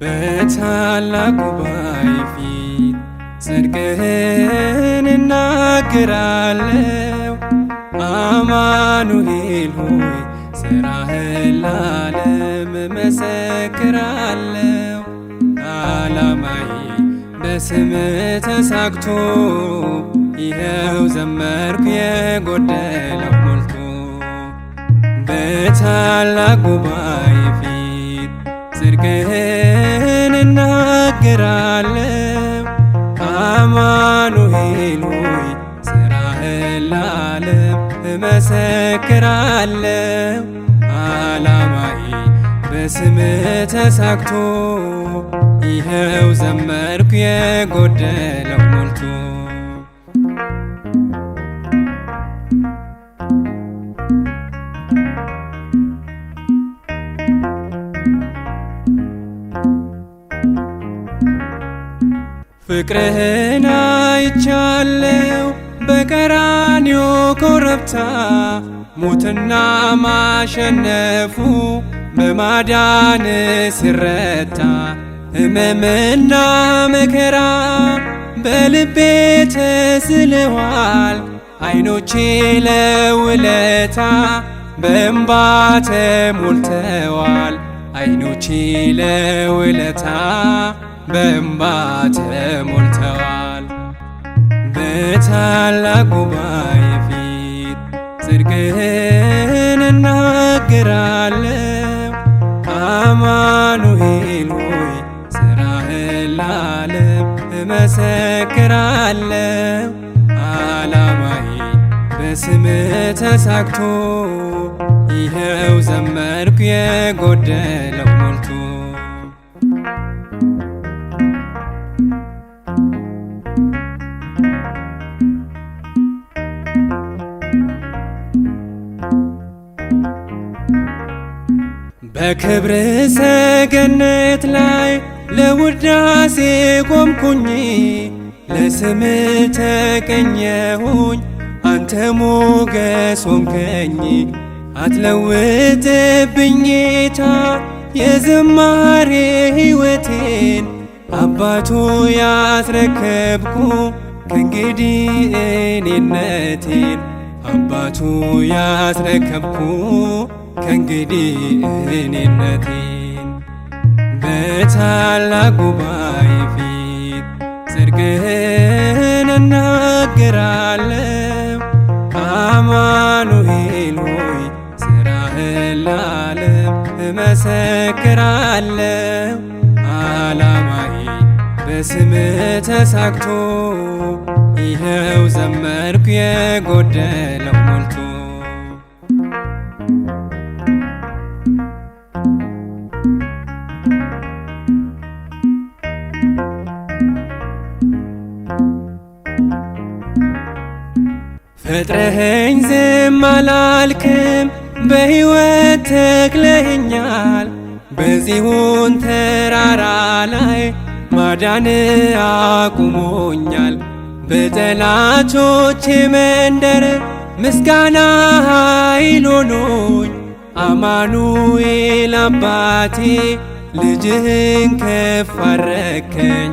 በታላቁ ጉባኤ ፊት ጽድቅህን እናገራለው። አማኑኤል ሆይ ስራህን ለዓለም እመሰክራለው። አላማዬ ስም ተሳክቶ ይኸው ዘመርኩ የጎደለው ሞልቶ በታላቅ ጉባኤ ፊት ጽድቅህን እናገራለው። አማኑኤል ሆይ ስራህን ለዓለም እመሰክራለው አላማይ ስም ተሳክቶ ይኸው ዘመርኩ የጎደለው ሞልቶ ፍቅርህን አይቻለው በቀራንዮ ኮረብታ ሞትና ማሸነፉ በማዳን ሲረታ ህመምና መከራ በልቤ ተስለዋል። አይኖቼ ለውለታ በእንባ ተሞልተዋል። አይኖቼ ለውለታ በእንባ ተሞልተዋል። በታላቅ ጉባኤ ፊት ጽድቅህን እናገራል ተሳክቶ ይኸው ዘመርኩ የጎደለው ሞልቶ በክብር ሰገነት ላይ ለውዳሴ ቆምኩኝ ለስም ተቀኘሁኝ አንተ ሞገስ ሆንከኝ አትለውጥብኝ ጌታ የዝማሬ ሕይወቴን አባቱ ያስረከብኩ ከእንግዲህ እኔነቴን አባቱ ያስረከብኩ ከእንግዲህ እኔነቴን በታላቅ ጉባኤ ፊት ጽድቅህን እናገራለን። አማኑኤል ሆይ ስራህን ለዓለም እመሰክራለሁ። አላማዬ በስምህ ተሳክቶ ይኸው ዘመርኩ የጎደለው ሞልቶ ፈጥረኸኝ ዝም አላልክም፣ በሕይወት ተክለኸኛል። በዚሁን ተራራ ላይ ማዳን አቁሞኛል። በጠላቶቼ መንደር ምስጋና ኃይል ሆኖኝ አማኑኤል አባቴ ልጅህን ከፍ አረከኝ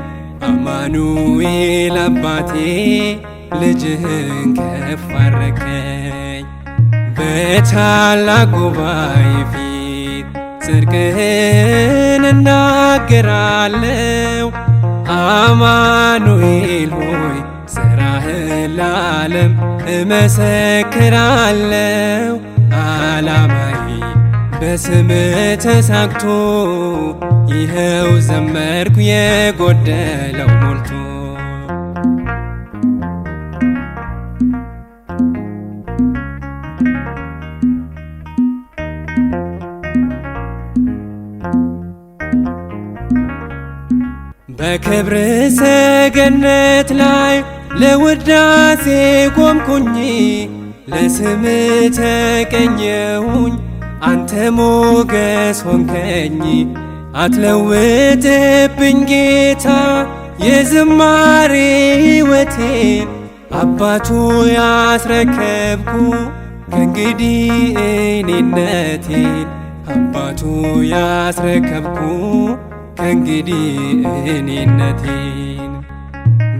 አማኑኤል አባቴ ልጅህን ከፍ አረከኝ በታላቅ ጉባኤ ፊት ጽድቅህን እናገራለው። አማኑኤል ሆይ ስራህን ለዓለም እመሰክራለው። አላማዬ በስም ተሳክቶ ይኸው ዘመርኩ የጎደለው ሞልቶ በክብር ሰገነት ላይ ለውዳሴ ቆምኩኝ፣ ለስም ተቀኘሁኝ። አንተ ሞገስ ሆንከኝ፣ አትለውጥብኝ ጌታ የዝማሬ ሕይወቴ አባቱ ያስረከብኩ ከእንግዲህ እኔነቴን አባቱ ያስረከብኩ እንግዲህ እኔነቴን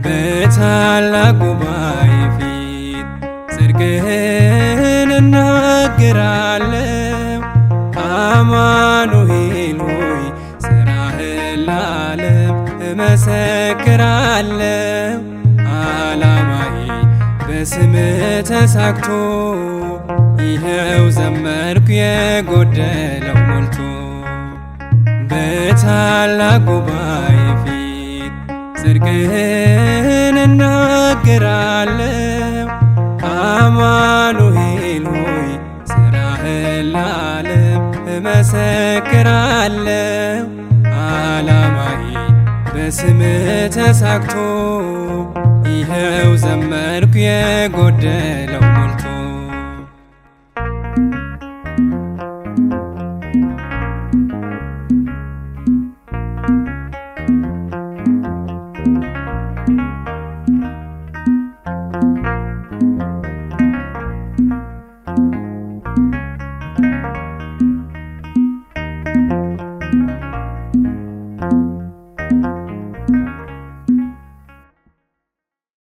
በታላቅ ጉባኤ ፊት ጽድቅህን እናገራለሁ። አማኑኤል ሆይ ስራህን ለዓለም እመሰክራለሁ። አላማዬ በስምህ ተሳክቶ ይኸው ዘመርኩ የጎደለው በታላቅ ጉባኤ ፊት ጽድቅህን እናገራለሁ። አማኑኤል ሆይ ስራህን ለዓለም እመሰክራለሁ። በስምህ ተሳክቶ ይኸው ዘመርኩ የጎደለው ሞልቶ